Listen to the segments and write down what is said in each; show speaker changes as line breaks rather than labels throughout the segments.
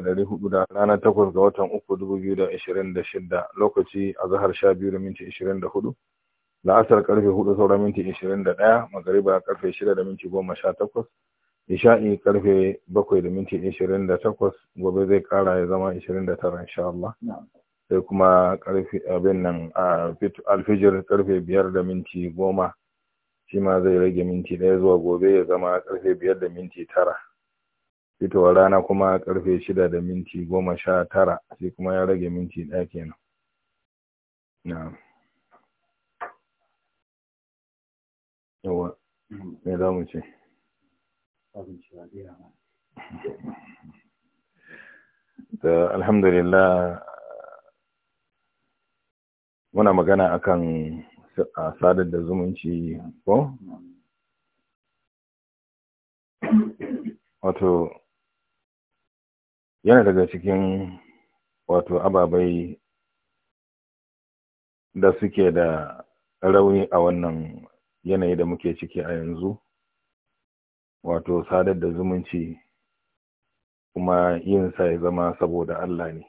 dari hudu da ranar takwas ga watan uku dubu biyu da ashirin da shidda, lokaci a zahar sha biyu da minti ashirin da hudu la'asar karfe hudu sauran minti ashirin da ɗaya magariba karfe shida da minti goma sha takwas isha'i karfe bakwai da minti ashirin da takwas gobe zai kara ya zama ashirin da tara insha Allah sai kuma karfe abin nan alfijir karfe biyar da minti goma shi ma zai rage minti ɗaya zuwa gobe ya zama karfe biyar da minti tara fitowar rana kuma karfe shida da minti goma sha tara sai kuma ya rage minti ɗaya kenan na yawa me za mu ce da alhamdulillah muna magana akan sadar da zumunci ko wato yana daga cikin wato ababai da suke da rauni a wannan yanayi da muke ciki a yanzu wato sadar da zumunci kuma yin sa ya zama saboda Allah ne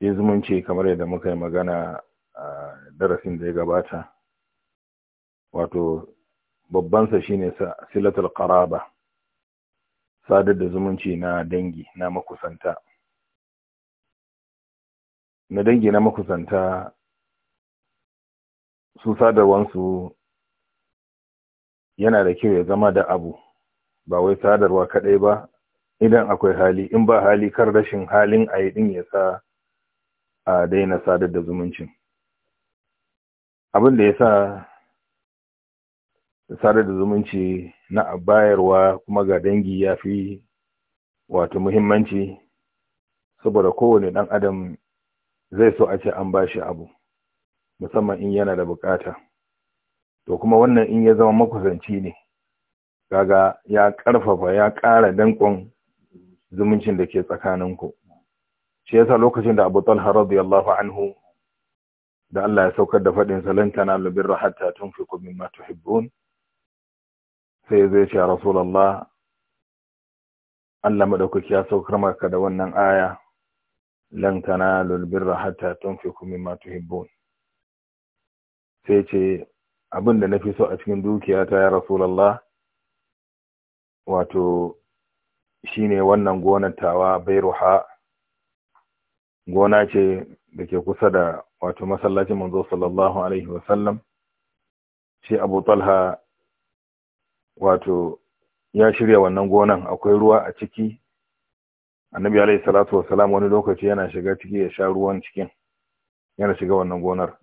yi zumunci kamar yadda muka yi magana a darasin da ya gabata wato babbansa shine silatul qaraba sadar da zumunci na dangi na makusanta na dangi na makusanta su sadarwansu yana da kyau ya zama da abu ba wai sadarwa kaɗai ba idan akwai hali in ba hali kar rashin halin a yi ya sa a daina sadar da zumuncin abin da ya sa da sadar da zumunci na bayarwa kuma ga dangi ya fi wato muhimmanci saboda kowane ɗan adam zai so a ce an ba shi abu musamman in yana da bukata to kuma wannan in ya zama makusanci ne gaga ya karfafa ya kara danƙon zumuncin da ke tsakaninku shi yasa lokacin da Abu Talha radiyallahu anhu da Allah ya saukar da faɗin salanta na lubin birra hatta fi mimma tuhibbun sai zai ce rasulallah Allah madaukaki ya saukar maka da wannan aya lan hata tun hatta tunfiqu mimma tuhibbun sai ce abin da nafi so a cikin dukiya ta ya rasulallah wato shine wannan gonatawa tawa bairuha gona ce da ke kusa da wato masallacin manzo sallallahu alaihi wasallam shi Abu Talha wato ya shirya wannan gonan akwai ruwa a ciki annabi alaihi salatu salam wani lokaci yana shiga ciki ya sha ruwan cikin yana shiga wannan gonar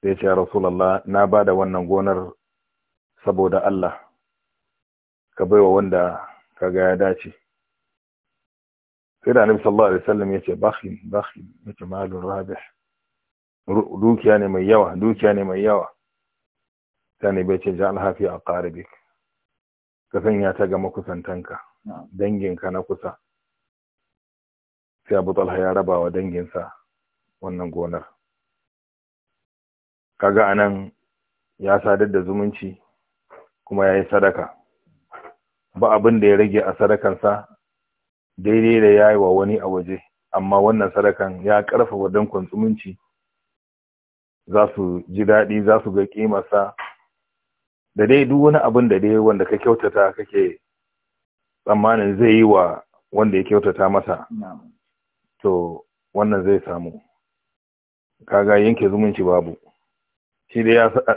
sai ya ce ya rasulallah na ba da wannan gonar saboda Allah ka baiwa wanda ka ga ya dace sai da annabi sallallahu alaihi wasallam ce bakhin bakhin yace malun rabih dukiya ne mai yawa dukiya ne mai yawa sai ne bai ce alhafi a aqaribik ka sanya ta ga makusantanka danginka na kusa sai abu ya raba wa danginsa wannan gonar kaga anan ya sadar da zumunci kuma ya yi sadaka ba abin da ya rage a sadakansa daidai da ya yi wa wani a waje amma wannan sadakan ya karfafa dankon zumunci za su ji daɗi za su ga ƙimarsa da dai duk wani abin da dai wanda ka kyautata kake tsammanin zai yi wa wanda ya kyautata masa to wannan zai samu kaga yanke zumunci babu shi dai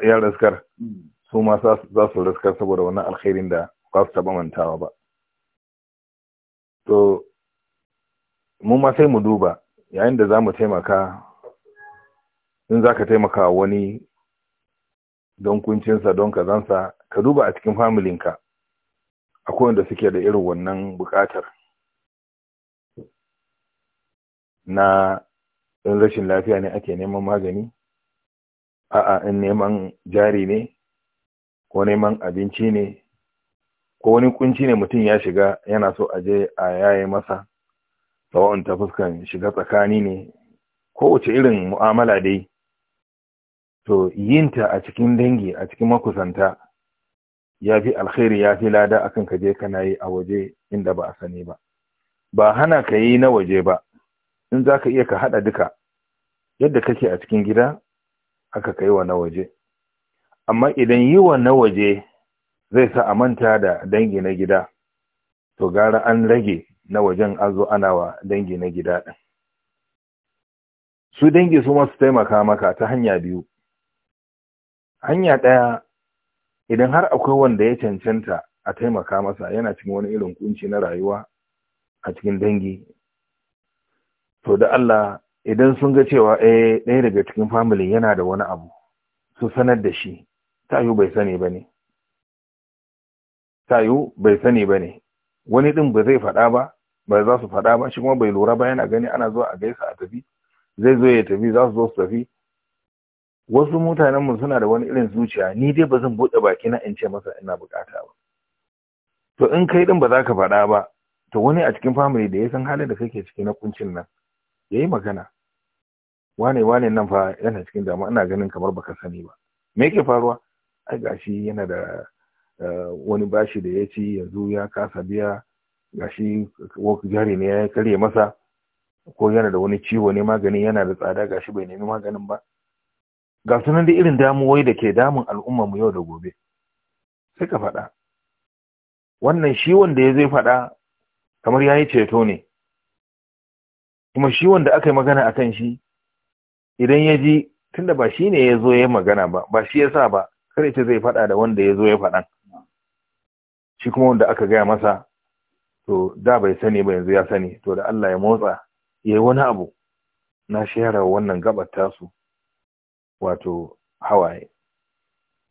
ya raskar mm. su ma za su raskar saboda wannan alkhairin da ba su taba mantawa ba to mu ma sai mu duba yayin da za mu taimaka in za ka taimaka wani don kuncinsa don kazansa ka duba a cikin familinka akwai wanda suke da irin wannan bukatar na in rashin lafiya ne ake neman magani a'a in neman jari ne ko neman abinci ne ko wani kunci ne mutum ya shiga yana so aje a yaye masa Tsawon ta fuskan shiga tsakani ne kowace irin mu'amala dai to yinta a cikin dangi a cikin makusanta ya fi alkhairi ya fi lada akan ka je kana yi a waje inda ba a sani ba ba hana ka yi na waje ba in za ka iya ka haɗa duka yadda kake a cikin gida aka kai wa na waje amma idan yi wa na waje zai sa a manta da dangi na gida to gara an rage na wajen an zo ana wa dangi na gida ɗin su dangi su masu taimaka maka ta hanya biyu hanya ɗaya idan har akwai wanda ya cancanta a taimaka masa yana cikin wani irin kunci na rayuwa a cikin dangi to da Allah idan sun ga cewa eh ɗaya daga cikin family yana da wani abu su sanar da shi tayu bai sani ba ne tayu bai sani ba ne wani ɗin ba zai faɗa ba ba za su faɗa ba shi kuma bai lura ba yana gani ana zuwa a gaisa a tafi zai zo ya tafi za su zo su tafi wasu mutanen mu suna da wani irin zuciya ni dai ba zan buɗe baki na in ce masa ina bukata ba to in kai din ba za ka faɗa ba to wani a cikin family da ya san halin da kake ciki na kuncin nan ya yi magana wane wane nan fa yana cikin damu ina ganin kamar baka sani ba me yake faruwa ai gashi yana da eh, wani bashi da ya ci yanzu ya kasa biya gashi jari ne ya karye masa ko yana da wani ciwo ne maganin yana da tsada gashi bai nemi maganin ba ga sunan da irin damuwoyi da ke damun al'ummarmu yau da gobe sai ka faɗa wannan shi wanda ya zai faɗa kamar ya yi ceto ne kuma shi wanda aka yi magana a kan shi idan ya ji tunda ba shi ne ya zo ya magana ba ba shi ya sa ba kare ce zai faɗa da wanda ya zo ya faɗa. shi kuma wanda aka gaya masa to da bai sani ba yanzu ya sani to da Allah ya motsa ya yi wani abu na shayarwa wannan gabar tasu wato hawaye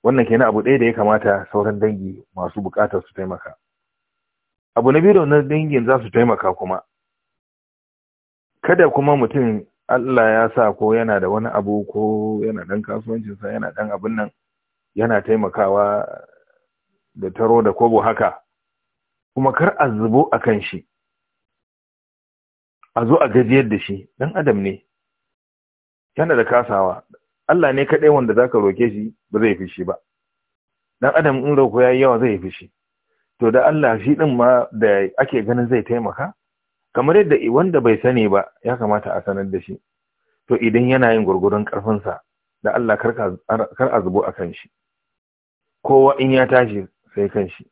wannan kenan abu ɗaya da ya kamata sauran dangi masu buƙatar su taimaka abu na biyu da wannan dangin za su taimaka kuma kada kuma mutum Allah ya sa ko yana da wani abu ko yana dan kasuwancinsa yana dan abin nan yana taimakawa da taro da kobo haka kuma kar a zubo a kan shi a zo a gajiyar da shi dan adam ne yana da kasawa Allah ne kaɗai wanda za ka roke shi ba zai fishi ba dan adam in roko ya yi yawa zai fishi to da Allah shi ɗin ma da ake ganin zai taimaka kamar yadda wanda bai sani ba ya kamata a sanar da shi to idan yana yin gurgurun ƙarfinsa da Allah kar a zubo a kan shi kowa in ya tashi sai kan shi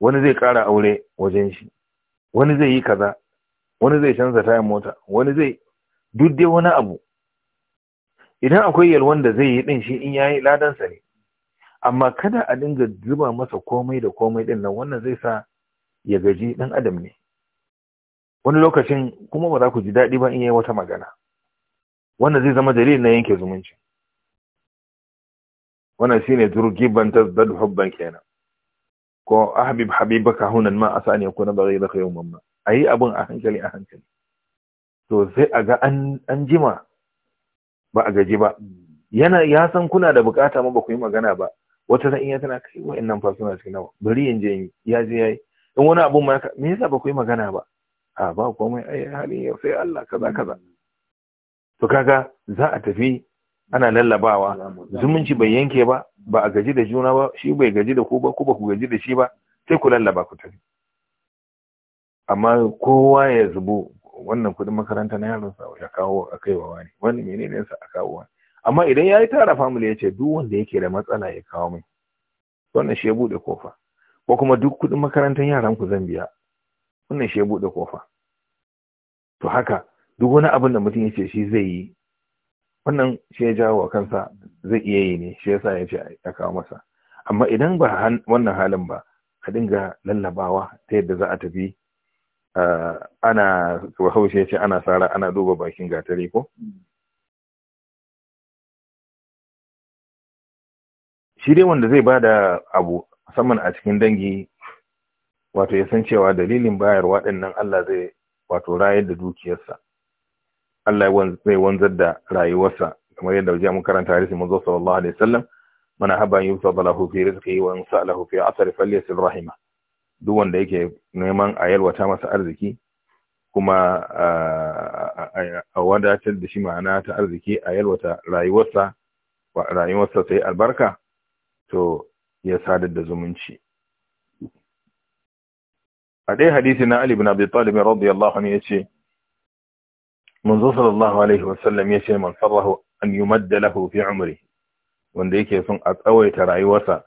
wani zai ƙara aure wajen shi wani zai yi kaza wani zai canza tayan mota wani zai duk dai wani abu idan akwai yalwan da zai yi din shi in yayi sa ne amma kada a dinga zuba masa komai da komai din nan wannan zai sa ya gaji dan adam ne wani lokacin kuma ba za ku ji daɗi ba in yayi wata magana wannan zai zama dalilin na yanke zumunci wannan shine ta tazdad hubban kenan ko ahbib habibaka hunan ma asani yakuna baghiraka yawman ma ayi abun a hankali a hankali to sai a ga an jima ba a gaji ba hmm. yana ya san kuna da bukata ma ba ku yi magana ba wata zan iya tana kai wa'annan fa suna cikin nawa bari in je in ya je yayi in wani abun ma me yasa ba ku yi magana ba a ba komai ai halin yau sai Allah kaza kaza hmm. to kaga za a tafi ana lallabawa zumunci bai yanke ba ba a gaji da juna ba shi bai gaji da ku ba ku ba ku gaji da shi ba sai ku lallaba ku tafi amma kowa ya zubo wannan kudin makaranta na yaron sa ya kawo a kaiwa wani wani menene sa a kawo wani amma idan yayi yi tara family ya ce duk wanda yake da matsala ya kawo min wannan shi ya bude kofa ko kuma duk kudin makarantar yaran ku zan biya wannan shi ya bude kofa to haka duk wani abin da mutum ya ce shi zai yi wannan shi ya jawo kansa zai iya yi ne shi yasa ya ce a kawo masa amma idan ba wannan halin ba ka dinga lallabawa ta yadda za a tafi Eh, ana ya ce ana tsara ana duba bakin gatari ko
shi dai wanda zai
bada abu musamman a cikin dangi wato ya san cewa dalilin bayar waɗannan Allah zai wato rayar da dukiyarsa Allah zai wanzar da rayuwarsa kamar yadda wajen mun karanta hadisi manzo sallallahu alaihi wasallam man haba yusaba lahu fi rizqihi wa yansa lahu fi asri falyasir rahima duk wanda yake neman a yalwata masa arziki kuma a wadatar da shi ma'ana ta arziki a yalwata rayuwarsa rayuwarsa sai albarka to ya sadar da zumunci a ɗaya hadisi na Ali bin Abi Talib radiyallahu anhu yace manzo sallallahu alaihi wasallam yace man farahu an yumadda lahu fi umri wanda yake son a tsawaita rayuwarsa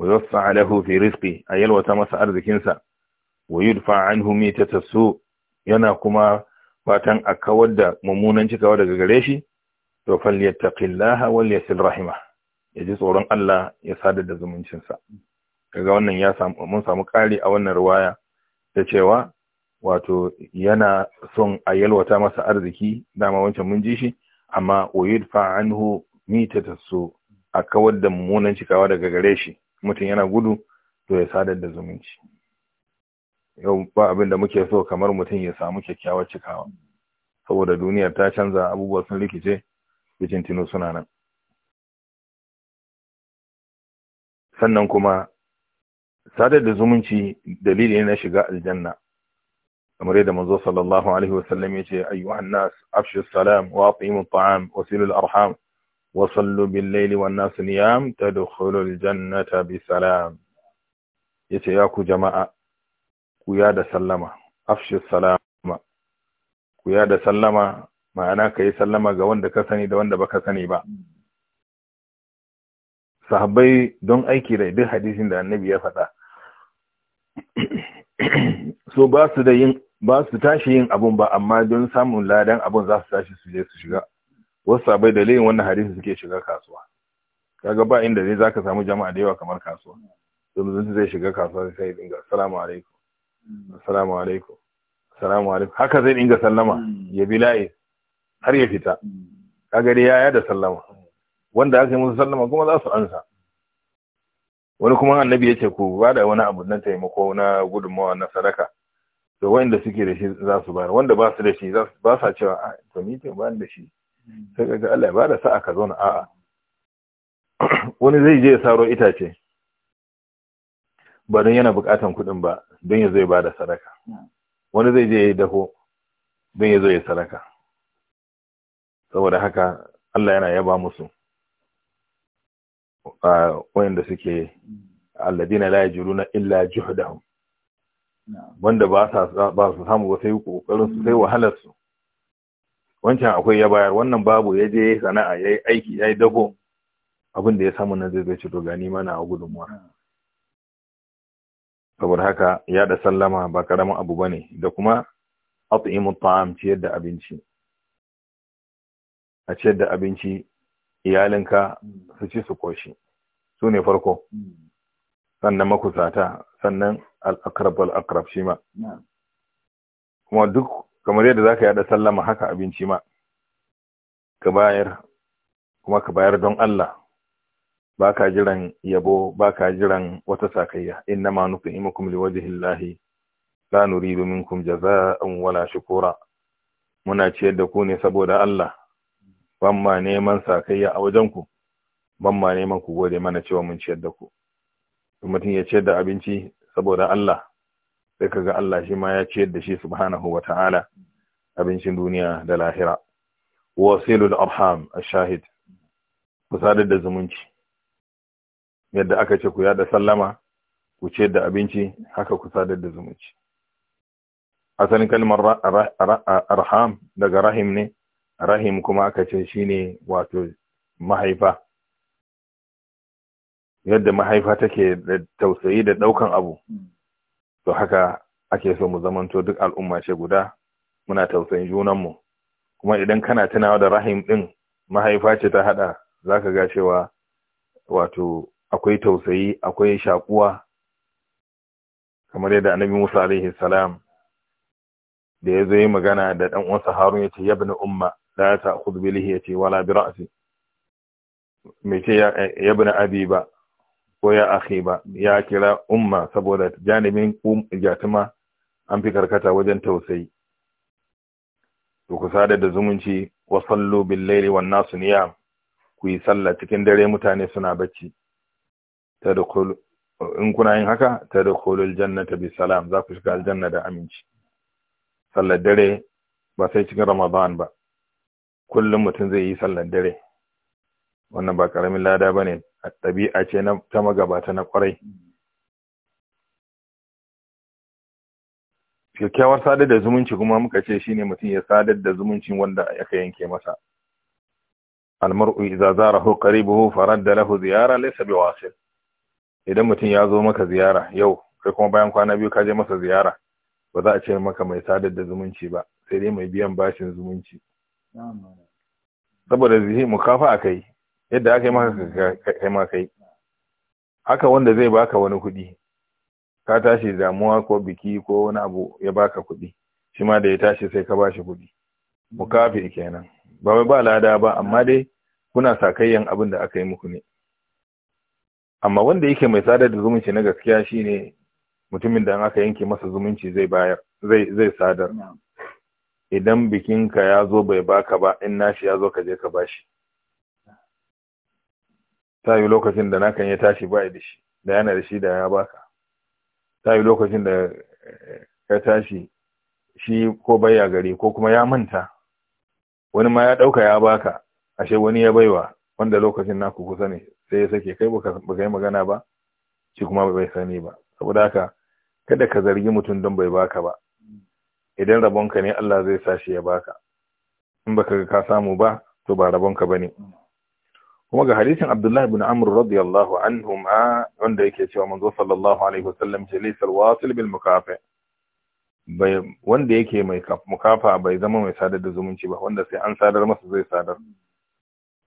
wa yuwassa lahu fi rizqi a yalwata masa arzikinsa wa yudfa anhu mitata su yana kuma fatan a kawar da mummunan cikawa daga gare shi to falyattaqillaha rahima ya ji tsoron Allah ya sadar da zumuncinsa kaga wannan ya samu mun samu kari a wannan riwaya da cewa wato yana son a yalwata masa arziki dama wancan mun ji shi amma wa yudfa anhu mitata su a kawar da mummunan cikawa daga gare shi mutum yana gudu to ya sadar da zumunci yau ba abin da muke so kamar mutum ya samu kyakkyawar cikawa saboda duniyar ta canza abubuwa sun rikice bikin tino suna nan sannan kuma sadar da zumunci dalili na shiga aljanna kamar yadda manzo sallallahu alaihi wasallam ce, ayyuhan nas afshu salam wa at ta'am wa al arham wasallu Laili, wannan su niyam ta jannata bi salam ya ce ya ku jama'a ku ya da sallama afshi salama ku ya da sallama ma'ana ka yi sallama ga wanda ka sani da wanda baka sani ba sahabbai don aiki da duk hadisin da annabi ya faɗa so ba su da yin ba su tashi yin abun ba amma don samun ladan abun za su tashi su je su shiga wasu sabai dalilin wannan hadisi suke shiga kasuwa kaga ba inda ne zaka samu jama'a da yawa kamar kasuwa to zai shiga kasuwa sai ya dinga assalamu alaikum assalamu alaikum assalamu alaikum haka zai dinga sallama ya bi layi har ya fita kaga dai yaya da sallama wanda aka yi musu sallama kuma za su ansa wani kuma annabi ya ce ku ba da wani abu na taimako na gudunmawa na sadaka to wanda suke da shi za su bayar wanda ba su da shi ba sa cewa to ni ba da shi sai ga Allah ya bada sa'a ka zauna a'a wani zai je ya saro itace ba don yana bukatan kuɗin ba don ya zo ya bada sadaka wani zai je ya yi dafo don ya zo ya sadaka saboda haka Allah yana yaba musu wayanda suke alladina la yajuruna illa juhdahum wanda ba su samu ba sai kokarin su sai wahalar su wancan akwai ya bayar wannan babu ya je sana'a ya yi aiki ya yi dago abin da ya samu na zai ci to gani mana a gudunmuwa saboda haka ya da sallama ba karamin abu bane da kuma at'imu ta'am ciyar da abinci a ciyar da abinci iyalinka su ci su koshi su ne farko sannan makusata sannan al akrab shi ma kuma duk kamar yadda ka yada sallama haka abinci ma ka bayar kuma ka bayar don Allah baka jiran yabo baka jiran wata sakayya ma inna innama nuqimukum liwajhillahi la nuridu minkum jazaa'an wala shukura muna ciyar da ku ne saboda Allah ban ma neman sakayya a wajen ku ban ma neman ku gode mana cewa mun ciyar da ku mutum ya ciyar da abinci saboda Allah sai kaga Allah shi ma ya ciyar da shi subhanahu wa ta'ala abincin duniya da lahira wasilul arham ashahid ku sadar da zumunci yadda aka ce ku yada sallama ku ciyar da abinci haka ku sadar da zumunci asalin kalmar arham daga rahim ne rahim kuma aka ce shine wato mahaifa yadda mahaifa take da tausayi da ɗaukan abu to haka ake so mu zamanto duk al'umma ce guda muna tausayin junanmu kuma idan kana tunawa da rahim din mahaifa ce ta hada zaka ga cewa wato akwai tausayi akwai shakuwa kamar yadda annabi Musa alaihi salam da ya zo yi magana da dan uwansa Harun yace ya ibn umma la khudh bi lihiyati wala bi ra'si me ce ya ibn abi ba ko ya ahi ba ya kira umma saboda janibin jatuma an fi karkata wajen tausayi to ku sada da zumunci wa sallu bil laili wan nasu niyam ku yi sallah cikin dare mutane suna bacci tadkhul in kuna yin haka tadkhulul jannata bi salam za ku shiga aljanna da aminci sallar dare ba sai cikin ramadan ba kullum mutum zai yi sallar dare wannan ba karamin lada ba ne a ɗabi'a ce ta magabata na kwarai kyakkyawar sadar da zumunci kuma muka ce shi ne mutum ya sadar da zumuncin wanda aka yanke masa almar'u kari zarahu qaribuhu da lahu ziyara laysa biwasil idan mutum ya zo maka ziyara yau kai kuma bayan kwana biyu ka je masa ziyara ba za a ce maka mai sadar da zumunci ba sai dai mai biyan bashin zumunci saboda zihi mukafa akai yadda aka yi maka kai ma kai haka wanda zai baka wani kuɗi ka tashi damuwa ko biki ko wani abu ya baka kuɗi shi ma da ya tashi sai ka bashi kuɗi mukafi kenan ba wai ba lada ba amma dai kuna sakayyan abin da aka yi muku ne amma wanda yake mai sadar da zumunci na gaskiya shine mutumin da aka yanke masa zumunci zai bayar zai zai sadar idan bikinka ya zo bai baka ba in nashi ya zo ka je ka bashi ta yi lokacin da nakan ya tashi ba da shi da yana da shi da ya baka ta yi lokacin da eh, ya tashi shi ko baya gari ko kuma ya manta wani ma ya ɗauka ya baka ashe wani ya baiwa wanda lokacin naku kusa ne sai ya sake kai baka yi magana ba shi kuma bai sani ba saboda haka kada ka zargi mutum don bai baka ba idan rabonka ne Allah zai sa shi ya baka in baka ka samu ba to ba rabonka bane kuma ga hadisin Abdullahi bin amur radiyallahu anhuma wanda yake cewa manzo sallallahu alaihi wasallam ce laysa alwasil bil mukafa bai wanda yake mai mukafa bai zama mai sadar da zumunci ba wanda sai an sadar masa zai sadar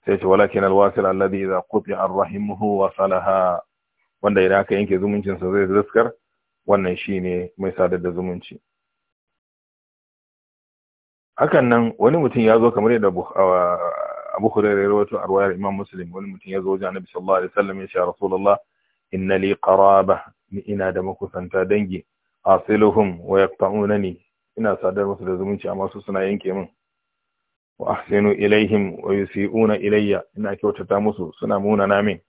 sai ce walakin alwasil alladhi idha quti'a arrahimuhu wa salaha wanda idan aka yanke zumuncin sa zai riskar wannan shine mai sadar da zumunci hakan nan wani mutum ya zo kamar yadda abu hurairah ya rawaito a ruwayar imam muslim wani mutum ya zo wajen annabi sallallahu alaihi wasallam ya ce rasulullah inna li qaraba ni ina da makusanta dangi asiluhum wa yaqta'unani ina sadar musu da zumunci amma su suna yanke min wa ahsinu ilaihim wa yusi'una ilayya ina kyautata musu suna na min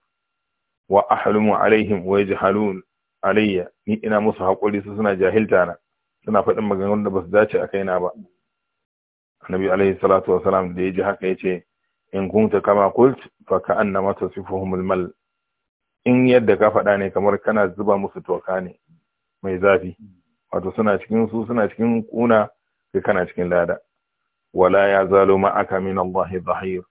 wa ahlumu alaihim wa yajhalun alayya ni ina musu hakuri su suna jahilta na suna faɗin maganganun da su dace a kaina ba annabi alaihi salatu wa salam da ya ji haka ya ce in kunta kama kult fa mata tasifuhumul mal in yadda ka faɗa ne kamar kana zuba musu toka ne mai zafi wato suna cikin su suna cikin kuna kai kana cikin lada wala ya zalo ma aka min Allah zahir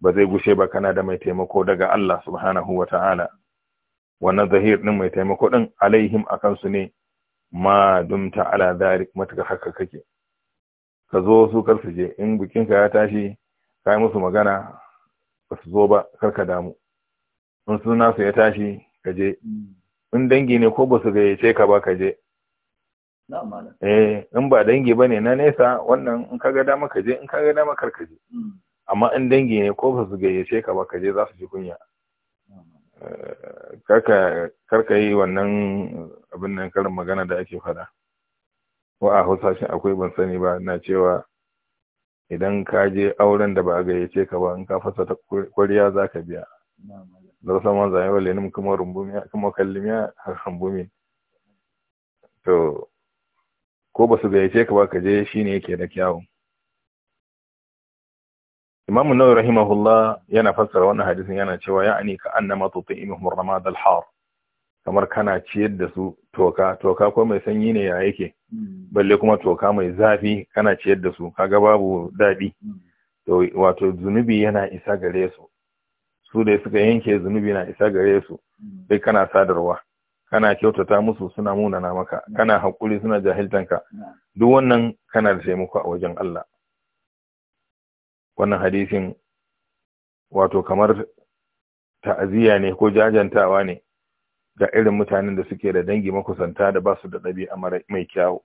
ba zai gushe ba kana da mai taimako daga Allah subhanahu wa ta'ala wannan zahir din mai taimako din alaihim akan su ne ma dumta ala dhalik mataka haka kake ka zo su kar su je in bikin ka ya tashi kai musu magana ba su zo ba karka damu in suna su ya tashi ka je hmm. in dangi ne ko ba su gayyace ka ba ka je eh in ba dangi ba ne na nesa wannan in ka ga dama ka je in ka ga dama ka je hmm. amma in dangi ne ko ba su gayyace ka ba ka je za su ji kunya eh, karka yi wannan abin nan karin magana da ake fada wa a hausa akwai ban sani ba na cewa idan ka je auren da ba a gayyace ka ba in ka fasa ta kwariya za ka biya da wasu man zane wale nim kuma rumbumi kuma har rumbumi to ko ba su gayyace ka ba ka je shi ne yake da kyawu imamu Nawawi rahimahullah yana fassara wannan hadisin yana cewa ya'ani ka annama tuti'imuhum ramad al-har kamar kana ciyar da su toka toka ko mai sanyi ne ya yake balle kuma toka mai zafi kana ciyar da su kaga babu daɗi to wato zunubi yana isa gare su su da suka yanke zunubi na isa gare su sai kana sadarwa kana kyautata musu suna na maka kana hakuri suna jahiltanka duk wannan kana da taimako a wajen Allah wannan hadisin wato kamar ta'aziyya ne ko jajantawa ne da irin mutanen da suke da dangi makusanta da ba su da ɗabi'a mai kyawu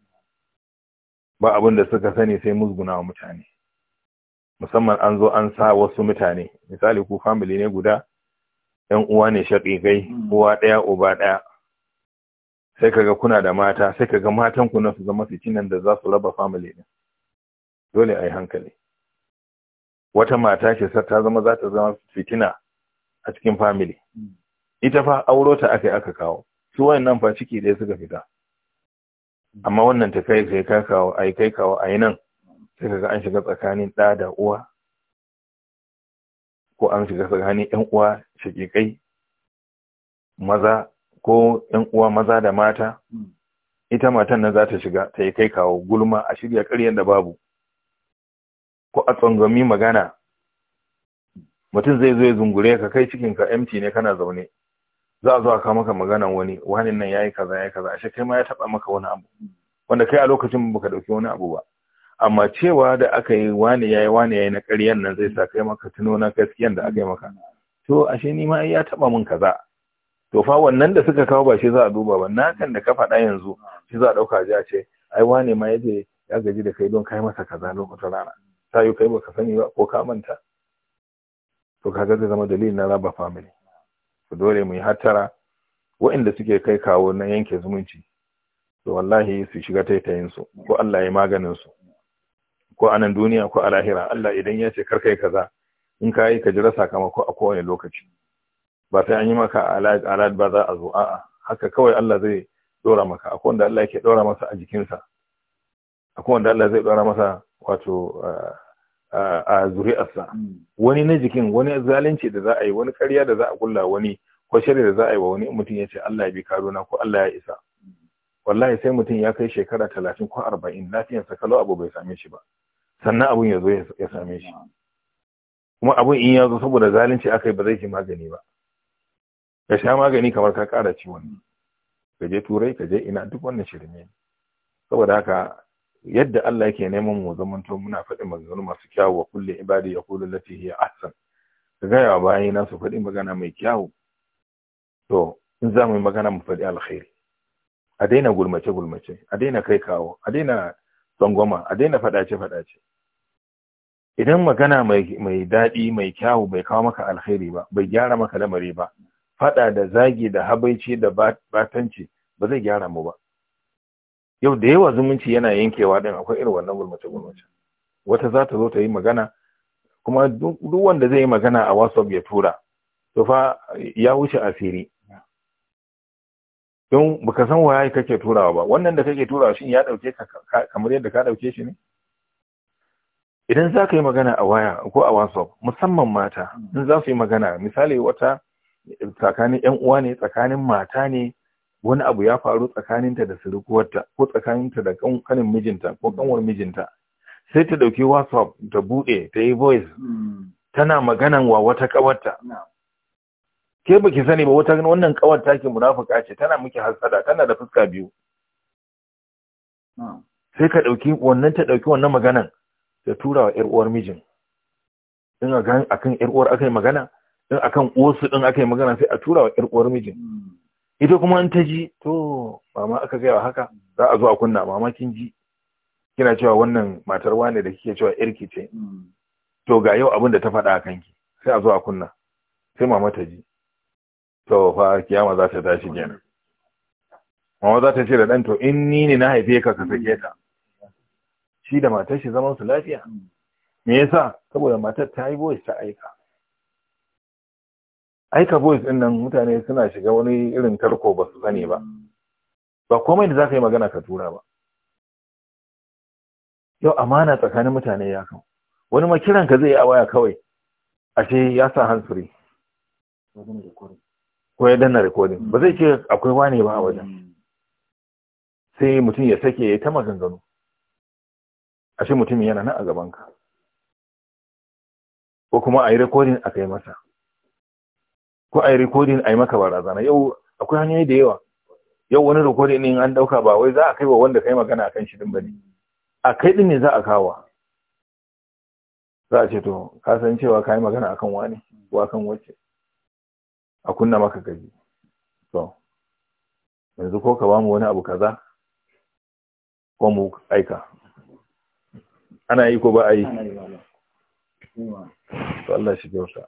ba abin da suka sani sai musguna wa mutane musamman an zo an sa wasu mutane misali ku famili ne guda yan uwa ne shaƙiƙai hmm. uwa ɗaya uba ɗaya sai kaga kuna da mata sai kaga matan ku na su zama fitinan da za su raba famili ne dole a yi hankali wata mata ce ta zama za ta zama fitina a cikin family hmm. ita fa auro ta aka aka kawo su wayannan fa ciki ɗaya suka fita amma wannan ta kai kai ka kawo ai kai kawo ai nan sai kaga an shiga tsakanin ɗa da uwa ko an shiga tsakanin ƴan uwa kai maza ko ƴan uwa maza da mata ita matan nan za ta shiga ta yi kai kawo gulma a shirya ƙaryar da babu ko a tsangwami magana mutum zai zo ya zungure ka kai cikin ka empty ne kana zaune za a zo a maka maganan wani wani nan ya yi kaza ya yi kaza ashe kai ma ya taɓa maka wani abu wanda kai a lokacin ka ɗauki wani abu ba amma cewa da aka yi wani yayi wani yi na ƙaryan nan zai sa kai maka tuno na gaskiyan da aka yi maka to ashe ni ma ya taɓa min kaza to fa wannan da suka kawo ba shi za a duba ba na kan da ka faɗa yanzu shi za a ɗauka ji a ce ai wani ma yaje ya gaji da kai don kai masa kaza lokacin rana sayo kai ba ka sani ba ko ka manta to kaga zai zama dalilin na raba family su dole mu yi hattara waɗanda suke kai kawo na yanke zumunci to wallahi su shiga taitayinsu ko Allah ya maganin su ko a nan duniya ko a lahira Allah idan ya ce kar kai kaza in ka yi ka jira sakamako a kowane lokaci ba sai an yi maka alad ba za a zo a'a haka kawai Allah zai dora maka akwai wanda Allah yake dora masa a jikinsa akwai wanda Allah zai dora masa wato ah, a zuri'arsa hmm. wani na jikin wani zalunci da za a yi wani karya da za a kulla wani ko shirya da za a yi wa wani mutum ya ce Allah ya bi Kaduna" ko Allah ya isa wallahi sai mutum ya kai shekara talatin ko arba'in lafiyarsa kalau abu bai same shi ba sannan abun ya zo ya same shi hmm. kuma abun in ya zo saboda zalunci aka yi ba zai ji magani ba ka sha magani kamar ka kara ciwon hmm. ka je turai ka je ina duk wannan shirme saboda haka yadda Allah yake neman mu zamanto muna faɗi maganganu masu kyawu wa kulli ibadi yaqulu lati hiya ahsan ka gaya wa bayi na su faɗi magana mai kyawu to in za mu yi magana mu faɗi alkhairi a daina gulmace gulmace a daina kai kawo a daina tsangwama a daina faɗace faɗace idan magana mai daɗi mai kyawu bai kawo maka alkhairi ba bai gyara maka lamari ba faɗa da zagi da habaici da batanci ba zai gyara mu ba yau da yawa zumunci yana yankewa din akwai irin wannan gulmace gulmace wata za ta zo ta yi magana kuma duk wanda zai yi magana a whatsapp ya tura to fa ya wuce asiri don baka san waye kake turawa ba wannan da kake turawa shi ya dauke ka kamar yadda ka dauke shi ne idan za ka yi magana a waya ko a whatsapp musamman mata in za su yi magana misali wata tsakanin yan uwa ne tsakanin mata ne wani abu ya faru tsakaninta da surukuwarta ko tsakaninta da kanin mijinta ko kanwar mijinta sai ta dauki whatsapp ta bude ta yi voice hmm. tana maganan wa wata kawarta ke baki sani ba wata wannan kawar take munafuka ce tana miki hasada tana da fuska biyu sai ka dauki wannan ta dauki wannan maganan ta tura wa yar uwar mijin in akan yar uwar akai magana in akan uwarsu din akai magana sai a tura wa yar uwar mijin hmm. ita kuma in ta ji to mama aka gaya wa haka za a zo a kunna mama kin ji kina cewa wannan matar wane da kike cewa irki ce to ga yau abin da ta faɗa a kanki sai a zo a kunna sai mama ta ji to fa kiyama za ta tashi kenan mama za ta ce da dan to in ni ne na haife ka ka sake ta shi da matar shi zaman su lafiya me yasa saboda matar ta yi boye ta aika aika Boys din nan mutane suna shiga wani irin tarko ba su sani ba ba komai da za ka yi magana ka tura ba yau amana tsakanin mutane ya kan wani makiran ka zai yi a waya kawai ashe ya sa hansuri ko ya danna recording ba zai ce akwai wane ba a wajen sai mutum ya sake ya ta maganganu
ashe mutum yana na a gabanka ko kuma
a yi recording a kai masa ko a yi rikodin a yi maka barazana yau akwai hanyoyi da yawa yau wani rikodin ne an ɗauka ba wai za a kai wa wanda kai magana a kan shi din ba ne a kai din ne za a kawo za a ce to ka san cewa ka yi magana akan wani ko kan wacce a kunna maka gaji to yanzu ko ka ba mu wani abu kaza ko mu aika ana yi ko ba a yi to Allah shi kyauta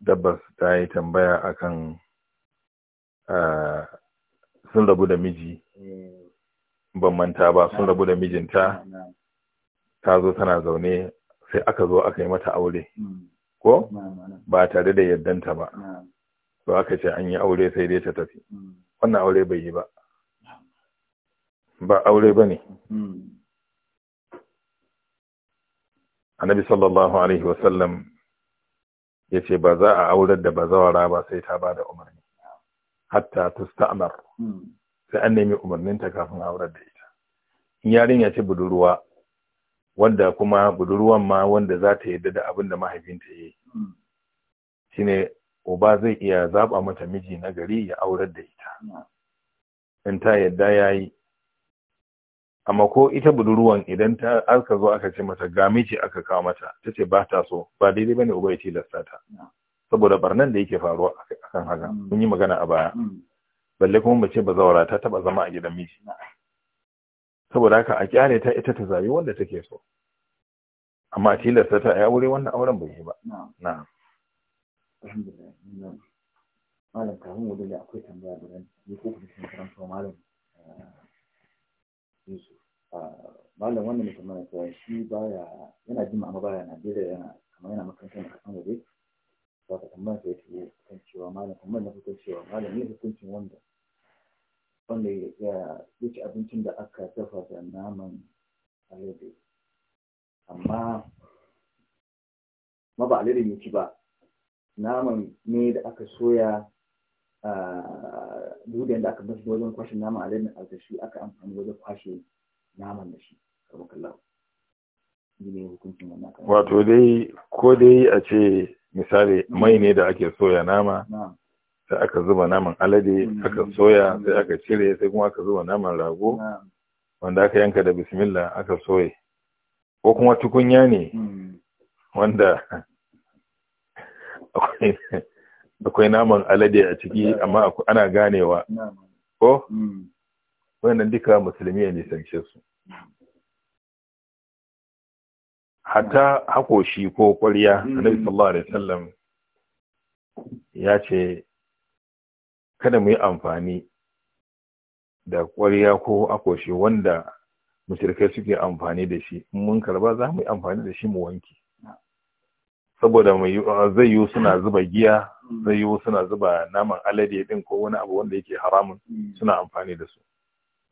dabbas ta yi tambaya akan sun rabu da miji ban manta ba sun rabu da mijinta ta zo tana zaune sai aka zo aka yi mata aure ko ba tare da yaddanta ba Ba aka ce an yi aure sai dai ta tafi wannan aure bai yi ba ba aure ba ne annabi sallallahu alaihi wasallam Yace ba za a aurar da bazawara ba sai ta bada umarni hatta tusta'mar hmm. sai an nemi umarnin ta kafin aurar da ita in yarinya ce budurwa wanda kuma budurwan ma wanda za ta yadda da abin da mahaifinta ya yi hmm. shine uba zai iya zaba mata miji na gari ya aurar da ita hmm. in ta yadda yayi amma ko ita budurwan idan ta aka zo aka ce mata ga miji aka kawo mata ta ce ba ta so ba daidai bane uba ya tilasta ta saboda barnan da yake faruwa akan haka mm. mun yi magana a baya mm. balle kuma mace ce zaura ta taba zama a gidan miji saboda haka a kyale ta ita ta zabi wanda take so amma tilasta ta ya wuri wannan auren bai yi ba na'am alhamdulillah malam
kafin wadda akwai tambaya da ni ko kuma karanta malam eh, cikinsu ah, malam wannan mutum mana cewa shi baya yana jima amma baya najeriya yana kamar yana makaranta na kasan waje ba ka tambaya sai ce kan cewa malam kuma na fito cewa malam ne hukuncin wanda wanda ya ci abincin da aka dafa da naman alade amma ma ba alade ya ci ba naman ne da aka soya Ah, duda yadda aka basu wajen kwashe nama a lalin aka amfani wajen kwashe naman da shi kama
wato dai ko dai a ce misali mai ne da ake soya nama sai aka zuba naman alade mm. aka soya sai aka cire sai kuma aka zuba naman rago wanda aka yanka da bismillah aka soye ko kuma tukunya ne mm. wanda akwai naman alade a ciki amma ana ganewa ko mm. wannan duka musulmi ya nisance su hatta hakoshi ko ƙwarya mm. annabi sallallahu alaihi wasallam ya ce kada mu yi amfani da ƙwarya ko akoshi wanda mushrikai suke amfani da shi mun karba za mu yi amfani da shi mu wanke saboda mai zai yiwu suna zuba giya zai yiwu suna zuba naman alade din ko wani abu wanda yake haramun mm. suna amfani da su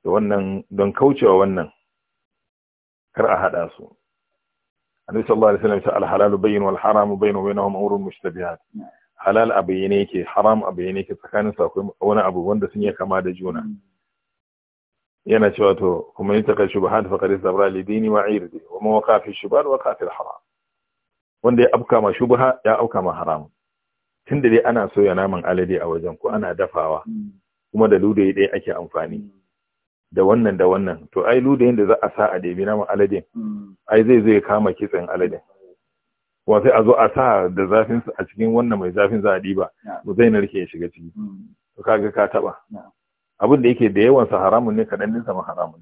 da wannan don kaucewa wannan kar a hada su annabi sallallahu alaihi wasallam ya al-halalu bayyin wal haramu bayyin bainahum umurun mushtabihat mm. halal a bayyane yake haram abu bayyane yake tsakanin su akwai wani abu wanda sun yi kama da juna mm. yana cewa to kuma yin takai shubahat fa qad istabra li dini wa irdi wa mawqafi waqa fi shubahat waqa fi haram wanda ya abka ma shubha ya abka ma haram tun da dai ana soya naman alade a wajen ko ana dafawa kuma da ludayi ɗaya ake amfani da wannan da wannan to ai ludayin da za a sa a ɗebi naman alade ai zai zo kama kitsen alade wa sai a zo a sa da zafin a cikin wannan mai zafin za a ɗiba ba zai narke ya shiga ciki to kaga ka taɓa abin da yake da yawan sa haramun ne kaɗan ɗinsa ma haramun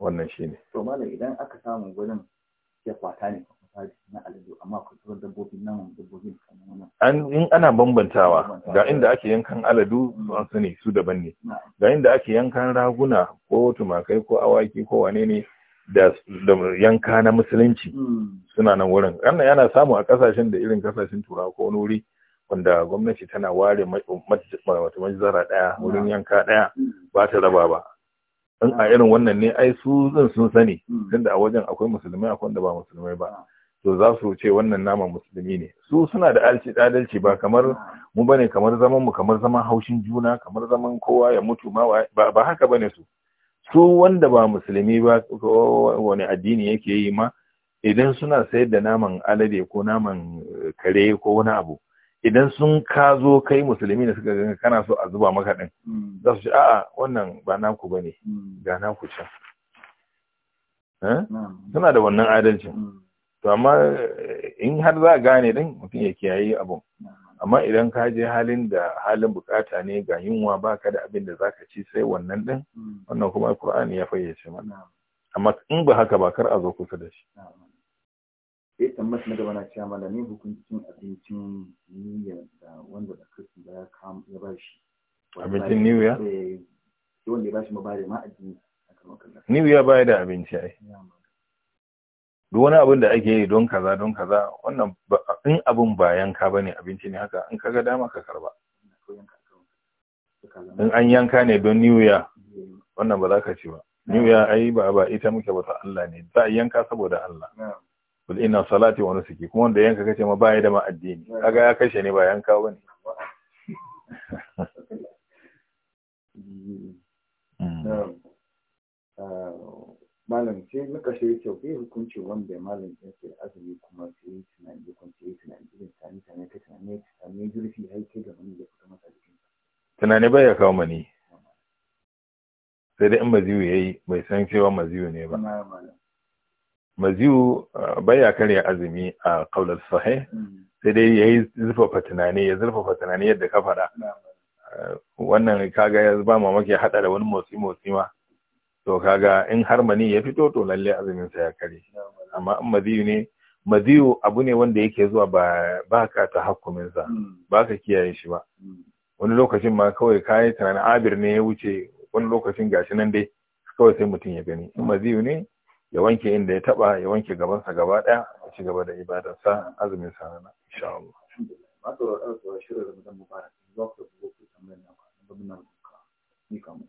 wannan shine to malam idan aka samu gurin ya kwata ne an ana bambantawa ga inda ake yankan aladu an sani su daban ne ga inda ake yankan raguna ko tumakai ko awaki ko wane ne da yanka na musulunci hmm. suna nan wurin wannan yana samu a kasashen da irin kasashen turawa ko nuri wanda gwamnati tana ware wata majizara daya wurin yanka daya hmm. ba ta raba ba in a irin wannan ne ai su zan sun sani hmm. tunda a wajen akwai musulmai akwai wanda ba musulmai ba to za su ce wannan nama musulmi ne su suna da alci adalci ba kamar mu bane kamar zaman mu kamar zaman haushin juna kamar zaman kowa ya mutu ma ba, ba haka bane su su wanda ba musulmi ba wani addini yake yi ma idan suna sayar da naman alade ko naman eh, kare ko wani abu idan sun ka zo kai musulmi da suka ganga kana so a zuba maka din hmm. za su ce a'a wannan ba naku bane hmm. ga naku can eh? hmm. suna da wannan adalcin to amma eh, in har za a gane din mutum ya kiyaye abun amma idan ka je halin da halin bukata ne ga yunwa ba ka da abin da za ka ci sai wannan din wannan kuma alkur'ani ya fayyace mana amma in ba haka ba kar a zo kusa da shi sai eh, tambayar na
gaba na mana ne hukuncin abincin niyyar da wanda da kasu da ya kam ya
ba shi abincin niyya
eh, wanda ya ba shi mabare ma addini
New Year baya da abinci ai. duk wani abin da ake yi don kaza don kaza wannan in abin ba yanka bane abinci ne haka in kaga dama ka karba in an yanka ne don new year wannan ba za ka ci ba new year ai ba ba ita muke ba ta Allah ne za a yanka saboda Allah kul inna salati wa nusuki kuma wanda yanka kace ma baya da ma addini kaga ya kashe ne ba yanka bane hmm. um,
uh, malam sai na ƙarshe ya ce hukunci wanda malam ya da azumi kuma sai yi tunani ya kwanci yi tunani irin tunani tunani ta tunani ya tunani zurfi har ke da wani da fita masa jikin
tunani bai ya kawo mani sai dai in maziyu ya yi bai san cewa maziyu ne ba maziyu uh, ya karya azumi a kaular sahih mm. sai dai ya yi zurfafa tunani ya zurfafa tunani yadda ka faɗa uh, wannan kaga ya ba mamaki haɗa da wani motsi motsi ma to kaga in har mani ya fito to lalle azumin sa ya kare amma in madiyu ne madiyu abu ne wanda yake zuwa ba baka ta hakumin sa ba hmm. kiyaye shi ba hmm. wani lokacin ma kawai kai tunanin abir ne ya wuce wani lokacin gashi nan dai kawai sai mutum ya gani in hmm. madiyu ne ya wanke inda ya taba ya wanke gabansa gaba daya ya ci gaba da ibadarsa azumin sa na insha Allah
masu shirin Ramadan Mubarak ku na ba na ba
ni kamar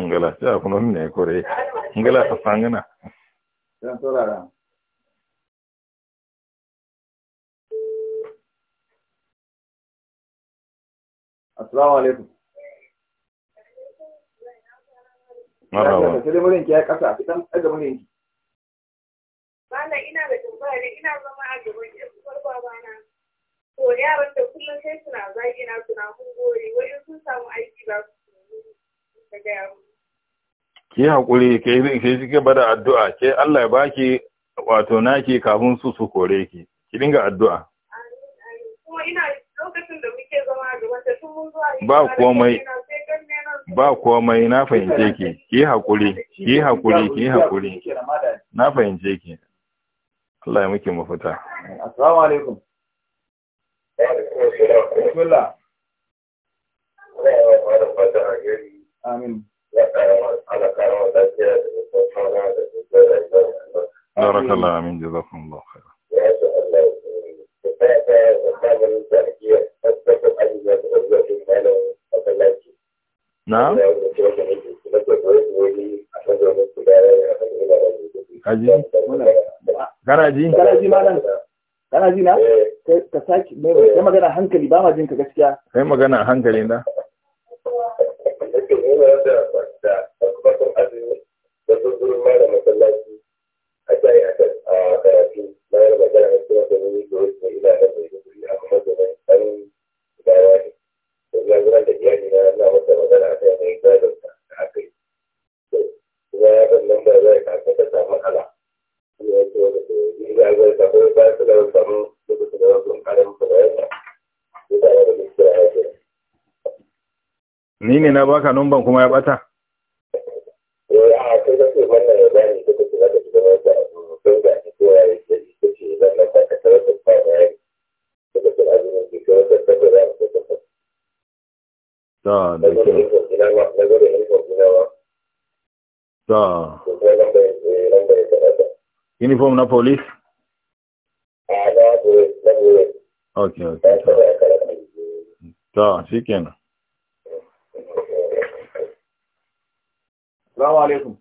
ngala ya kuna ne kore ngala ta sangana
dan saurara assalamu alaikum marhaba sai mun ki ya kasa kitan daga mun ki
bana ina da tambaya ne ina zama a gaban ɗan babana to yaran da kullum sai suna zagi na suna hungori wai sun samu aiki ba
ki haƙuri ke shi gaba da addu'a ke Allah ya baki wato naki kafin su su kore ki ki dinga addu'a
ba komai
ba komai na fahimce ki ki haƙuri ki haƙuri ki haƙuri na fahimce ki Allah ya muke mafita
assalamu alaikum bismillah
Amin. Barakallah amin jazakumullah da Na'am. Kaji?
Garaji? Garaji malam. Kana ta na? Eh. Ka saki,
kai magana hankali ba ma jin ta gaskiya. Kai magana hankali na?
nuna da da farko azumi da masallaci da kuma da wani da wasu ila da mai guduri a kuma da mai tsarin da a mai gadon ta yi yi
ni ne na baka numban kuma ya bata Uniform na police?
A, na police, na police.
Ok, ok.
السلام عليكم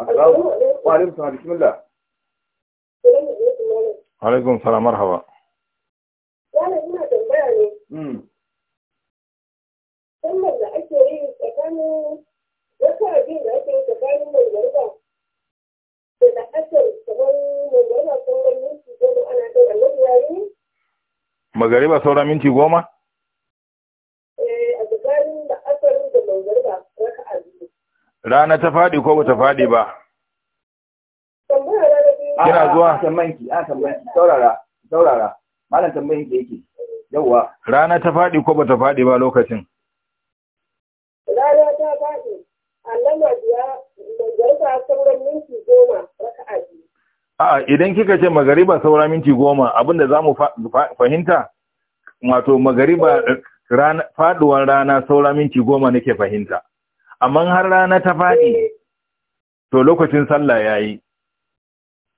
السلام وعليكم السلام بسم الله
عليكم السلام مرحبا
yana ina tambaya ne hmm. sallar da ake yi tsakanin wata biyu da ake yi tsakanin manzarba da da asar kamar manzarba minti goma ana
ya yi minti goma rana ta faɗi ko bata faɗi ba kina zuwa tambayinki a tambayinki saurara
saurara malam tambayinki yake yawa
rana ta faɗi ko bata faɗi ba lokacin
rana ta faɗi allama biya magariba sauran minti goma raka'a biyu
a'a idan kika ce magariba sauran minti goma abinda zamu fahimta wato magariba rana faduwar rana sauran minti goma nake fahimta amma har rana ta faɗi to lokacin sallah yayi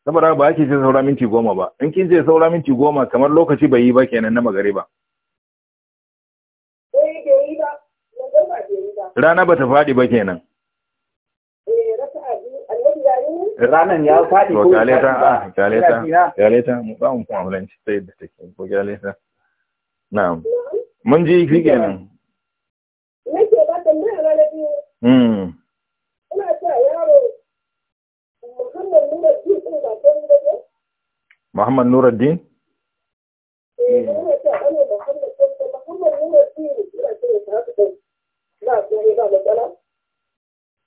saboda ba ake ce saura minti goma ba in kin ce saura minti goma kamar lokaci bai yi ba kenan na magariba
eh,
rana ba ta faɗi ba kenan
eh, ranan ya faɗi ko kyaleta a kyaleta ah,
kyaleta mu ba mu kuma hulanci sai da take ko kyaleta na'am mun ji shi nan. Hmm. Muhammad Nuruddin?
Eh,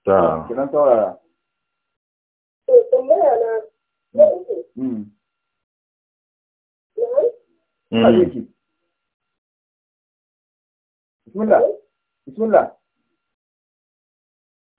Ta. Ah, Kiran saurara.
To, tambaya na, hmm.
Hmm. Bismillah. Bismillah.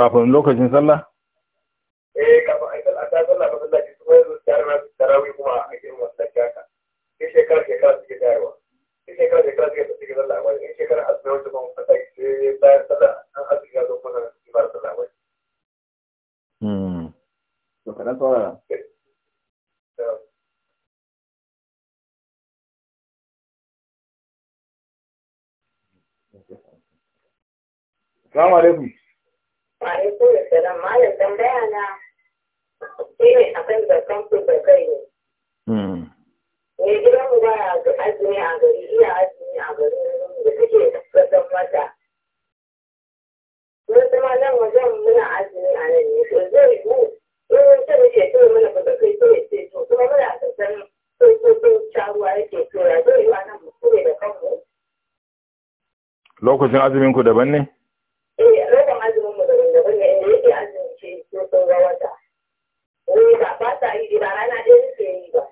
大盘碌佢先得啦。lokacin azumin ku daban ne?
Eh, lokacin azumin mu daban daban ne, inda yake azumin ce ko sun wata. Wai eh, ba sa yi ba rana da suke yi ba.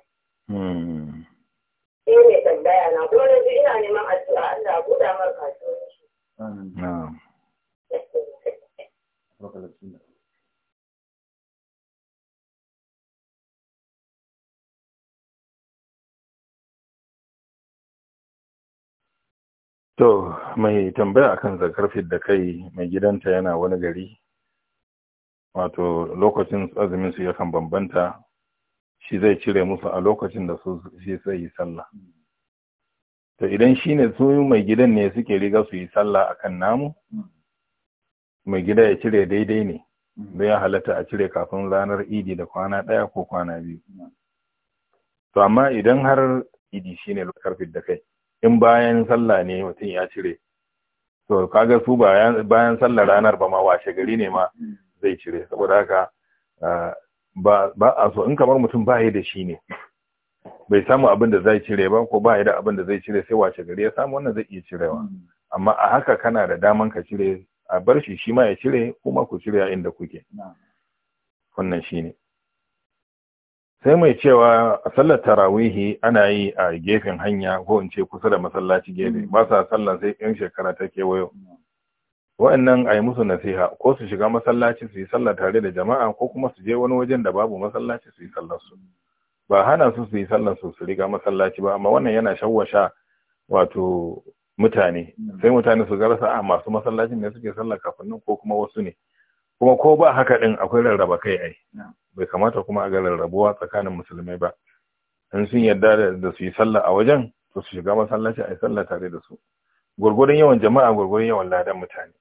Hmm. Shi ne na, kuma na ina neman addu'a Allah ya buɗa kasuwanci.
To, mai tambaya akan zakar da kai mai gidanta yana wani gari, wato lokacin azumin su yakan bambanta, shi zai cire musu a lokacin da su shi sai yi sallah. To idan shi ne su mai gidan ne suke riga su yi sallah a kan namu, mai gida ya cire daidai ne, da ya halatta a cire kafin ranar idi da kwana ɗaya ko kwana biyu. To amma idan har idi shi ne da kai. in bayan sallah ne mutum ya cire to kaga su bayan sallah ranar ba ma washe gari ne ma zai cire saboda haka ah, ba a so in kamar mutum ba da shi ne bai samu abin da zai cire ba ko ba da abin da zai cire sai washe gari ya samu wannan zai iya cirewa amma a haka kana da daman ka cire a bar shi shi ma ya cire kuma ku cire a inda kuke wannan shine sai mai cewa a sallar tarawihi ana yi a gefen hanya ko in ce kusa da masallaci gefe mm. ba sa sallar sai yan shekara ta kewayo wa'annan a yi musu nasiha ko su shiga masallaci su yi sallar tare da jama'a ko kuma su je wani wajen da babu masallaci su yi sallar su ba hana su su yi sallar su su riga masallaci ba amma wannan yana shawwasha wato mutane mm. sai mutane su garasa a ah, masu masallacin ne suke sallar kafin nan ko kuma wasu ne kuma ko ba haka din akwai rarraba kai ai bai kamata kuma a ga rarrabuwa tsakanin musulmai ba in sun yarda da su yi sallah a wajen to su shiga masallaci a yi sallah tare da su gurgurin yawan jama'a gurgurin yawan ladan mutane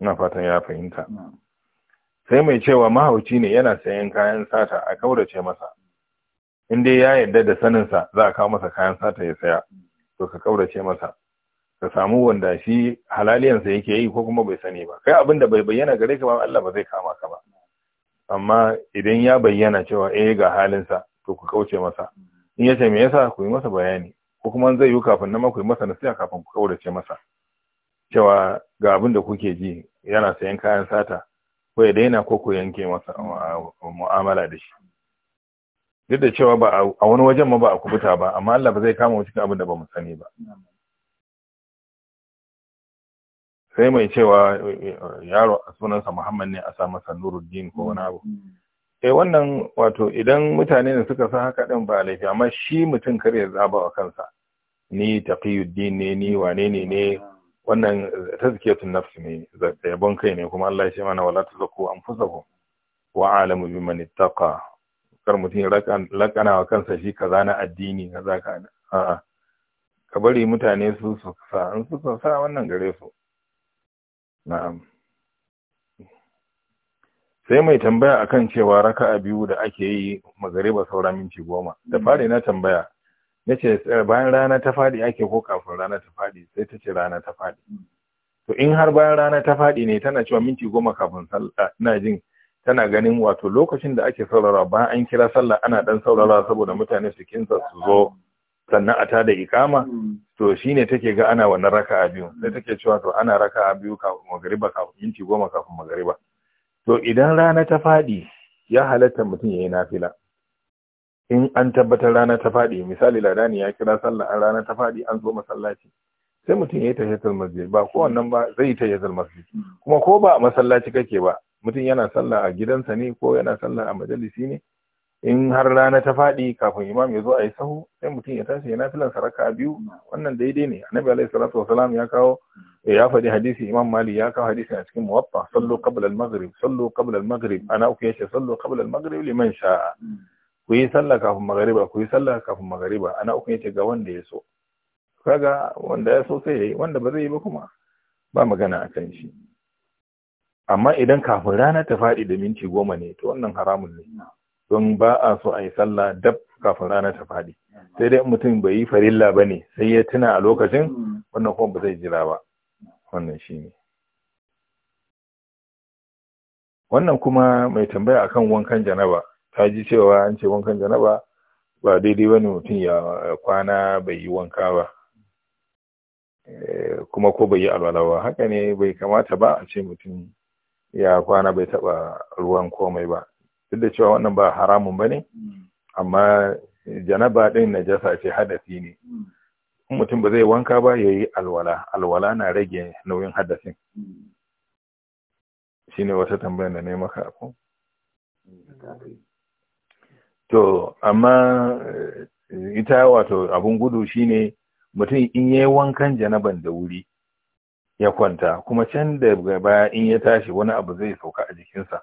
ina fatan ya fahimta sai mai cewa mahauci ne yana sayan kayan sata a kaurace masa in dai ya yarda da saninsa za a kawo masa kayan sata ya saya to ka kaurace masa ka samu wanda shi halaliyansa yake yi ko kuma bai sani ba kai abin da bai bayyana gare ka ba Allah ba zai kama ka ba amma idan ya bayyana cewa eh ga halinsa to ku kauce masa in ya ce me yasa ku yi masa bayani ko kuma zai yi kafin nan ma ku yi masa nasiha kafin ku kaurace masa cewa ga abin da kuke ji yana sayan kayan sata ko ya daina ko ku yanke masa mu'amala da shi duk da cewa ba a wani wajen ma ba a kubuta ba amma Allah ba zai kama mu cikin abin da ba mu sani ba sai mai cewa yaro a sunansa muhammad ne a sa masa nuruddin ko wani abu mm-hmm. eh wannan wato idan mutane ne suka san haka din ba laifi amma shi mutum kar ya zaba wa kansa ni taqiyuddin ne ni wane ne ne wannan tazkiyatun nafsi ne yabon kai ne kuma Allah ya ce mana wala tuzakku anfusakum wa alamu mani ittaqa kar mutum lakana wa kansa shi kaza na addini kaza ka a'a ka bari mutane su su sa an su sa wannan gare su na'am sai mai tambaya a kan cewa raka'a biyu da ake yi magariba saura minti goma da hmm. fari na tambaya na ce eh, bayan rana ta faɗi ake ko kafin rana ta faɗi sai ta ce rana ta faɗi to in har bayan rana ta faɗi ne tana cewa minti goma kafin sallah ina jin tana ganin wato lokacin da ake saurara bayan an kira sallah ana dan saurara saboda mutane su kinsa su zo sannan a tada ikama hmm. to shine take ga ana wannan raka'a biyu sai hmm. take cewa to ana raka'a biyu kafin magriba kafin minti goma kafin magriba to idan rana ta faɗi ya halatta mutum yayi nafila in an tabbatar rana ta faɗi misali ladani ya kira sallah an rana ta faɗi an zo masallaci sai mutum yayi tahiyatul masjid ba ko wannan ba zai tahiyatul masjid hmm. kuma ko ba masallaci kake ba mutum yana sallah a gidansa ne ko yana sallah a majalisi ne in har rana ta faɗi kafin imam ya zo a yi sahu sai mutum ya tashi yana filan saraka biyu wannan daidai ne annabi alaihi salatu wasalam ya kawo eh, ya faɗi hadisi imam mali ya kawo hadisi a cikin muwatta sallu qabla al-maghrib sallu qabla al-maghrib ana uku yace sallu qabla al-maghrib liman sha'a ku yi sallah kafin magariba ku yi sallah kafin magariba ana uku yace ga wanda ya so kaga wanda ya so sai yayi wanda ba zai yi ba kuma ba magana a kan shi amma idan kafin rana ta faɗi da minti goma ne to wannan haramun ne don ba a so a yi sallah dab kafin rana ta faɗi sai dai mutum bai yi farilla ba ne sai ya tuna a lokacin wannan kuma ba zai jira ba wannan shi ne wannan kuma mai tambaya akan wankan janaba ta ji cewa an ce wankan janaba ba daidai wani mutum ya kwana bai yi wanka ba eh, kuma ko bai yi alwala ba haka ne bai kamata ba a ce mutum ya kwana bai taba ruwan komai ba duk da cewa wannan ba haramun ba ne. Hmm. amma janaba na jasa ce hadafi ne
hmm.
mutum ba zai wanka ba ya yi alwala alwala na rage nauyin hadafin. Hmm. Shi ne wata tambayar da nema kafin? to amma eh, ita wato abun gudu shine mutum in yi wankan janaban da wuri ya kwanta kuma can da baya in ya tashi wani abu zai sauka a jikinsa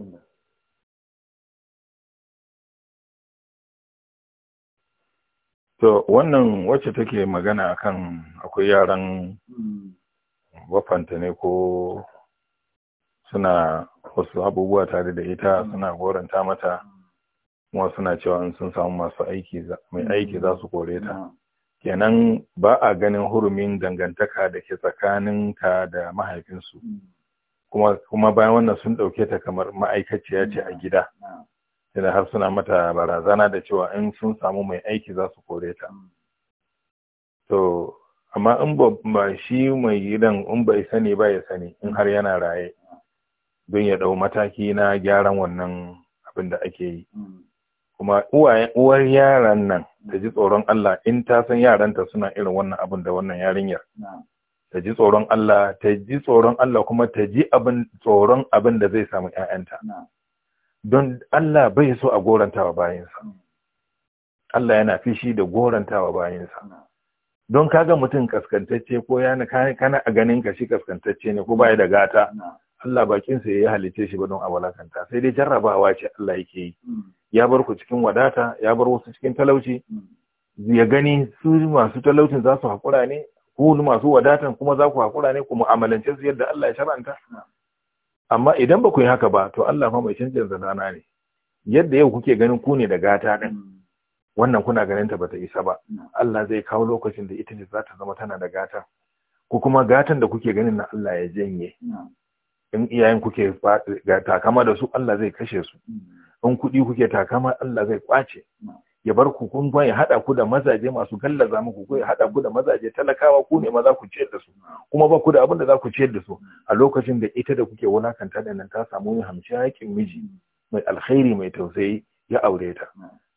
sunna to wannan wacce take magana akan akwai yaran hmm. wafanta ne ko suna wasu abubuwa tare da ita hmm. suna goranta mata hmm. kuma suna cewa in sun samu masu aiki mai aiki za su kore ta kenan ba a ganin hurumin dangantaka da ke tsakaninta da mahaifinsu kuma kuma bayan wannan sun ɗauke ta kamar ma'aikaciya ce a gida yana har suna mata barazana da cewa in sun samu mai aiki za su kore ta to amma in ba shi mai gidan in bai sani ba ya sani in har yana raye don ya ɗau mataki na gyaran wannan abin da ake yi kuma uwar yaran nan ta ji tsoron Allah in ta san yaranta suna irin wannan abin da wannan yarinyar ta ji tsoron Allah ta ji tsoron Allah kuma ta ji abin tsoron abin da zai samu ƴaƴanta don Allah bai so a gorantawa bayansa Allah yana fishi da gorantawa bayinsa. don kaga mutum kaskantacce ko yana kana a ganin ka shi kaskantacce ne ko bai da gata Allah bakin sa yayi halice shi ba don a walakanta sai dai jarrabawa ce Allah yake yi hmm. ya bar ku cikin wadata ya bar wasu cikin talauci hmm. ya gani su masu talaucin za su haƙura ne ku masu wadatan kuma za ku haƙura ne ku mu'amalance su yadda Allah ya shar'anta amma idan ba ku yi haka ba to Allah fa mai canjin zanana ne yadda yau kuke ganin ku ne da gata din wannan kuna ganin ta bata isa ba Allah zai kawo lokacin da ita ne za ta zama tana da gata Ku kuma gatan da kuke ganin na Allah ya janye in iyayen kuke takama da su Allah zai kashe su in kuɗi kuke takama Allah zai kwace ya bar ku kungon ya haɗa ku da mazaje masu gallaza muku ko ya haɗa ku da mazaje talakawa ku ne ma za ku ciyar da su kuma ba ku da abin da za ku ciyar da su a lokacin da ita da kuke wulakanta da nan ta samu yin hamshi haƙin miji mai alkhairi mai tausayi ya aure ta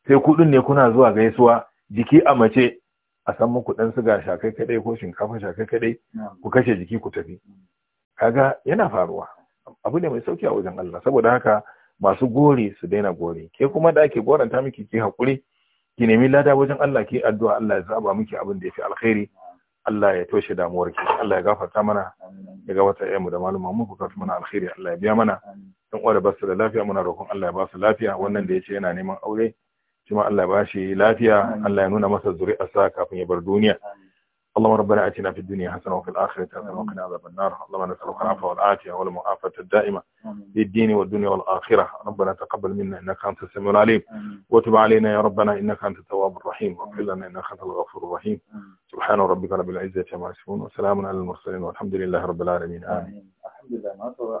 sai kuɗin ne kuna zuwa gaisuwa jiki a mace a san muku ɗan siga shakai kaɗai ko shinkafa shakai kaɗai ku kashe jiki ku tafi kaga yana faruwa abu ne mai sauki a wajen Allah saboda haka masu gori su daina gori ke kuma da ake goranta miki ki hakuri ki nemi lada wajen Allah ki addu'a Allah ya zaba miki abin da yafi alkhairi Allah ya toshe damuwar ki Allah ya gafarta mana ya ga wata ayyamu da maluma mu ku kafi mana alkhairi Allah ya biya mana dan uwa da basu da lafiya muna roƙon Allah ya ba su lafiya wannan da yace yana neman aure kuma Allah ya ba lafiya Allah ya nuna masa zuri'a sa kafin ya bar duniya اللهم ربنا اتنا في الدنيا حسنه وفي الاخره حسنه وقنا عذاب النار اللهم نسالك العفو والعافيه والمعافاه الدائمه للدين والدنيا والاخره ربنا تقبل منا انك انت السميع العليم وتب علينا يا ربنا انك انت التواب الرحيم واغفر لنا انك انت الغفور الرحيم سبحان ربك رب العزه عما يصفون وسلام على المرسلين والحمد لله رب العالمين امين
الحمد لله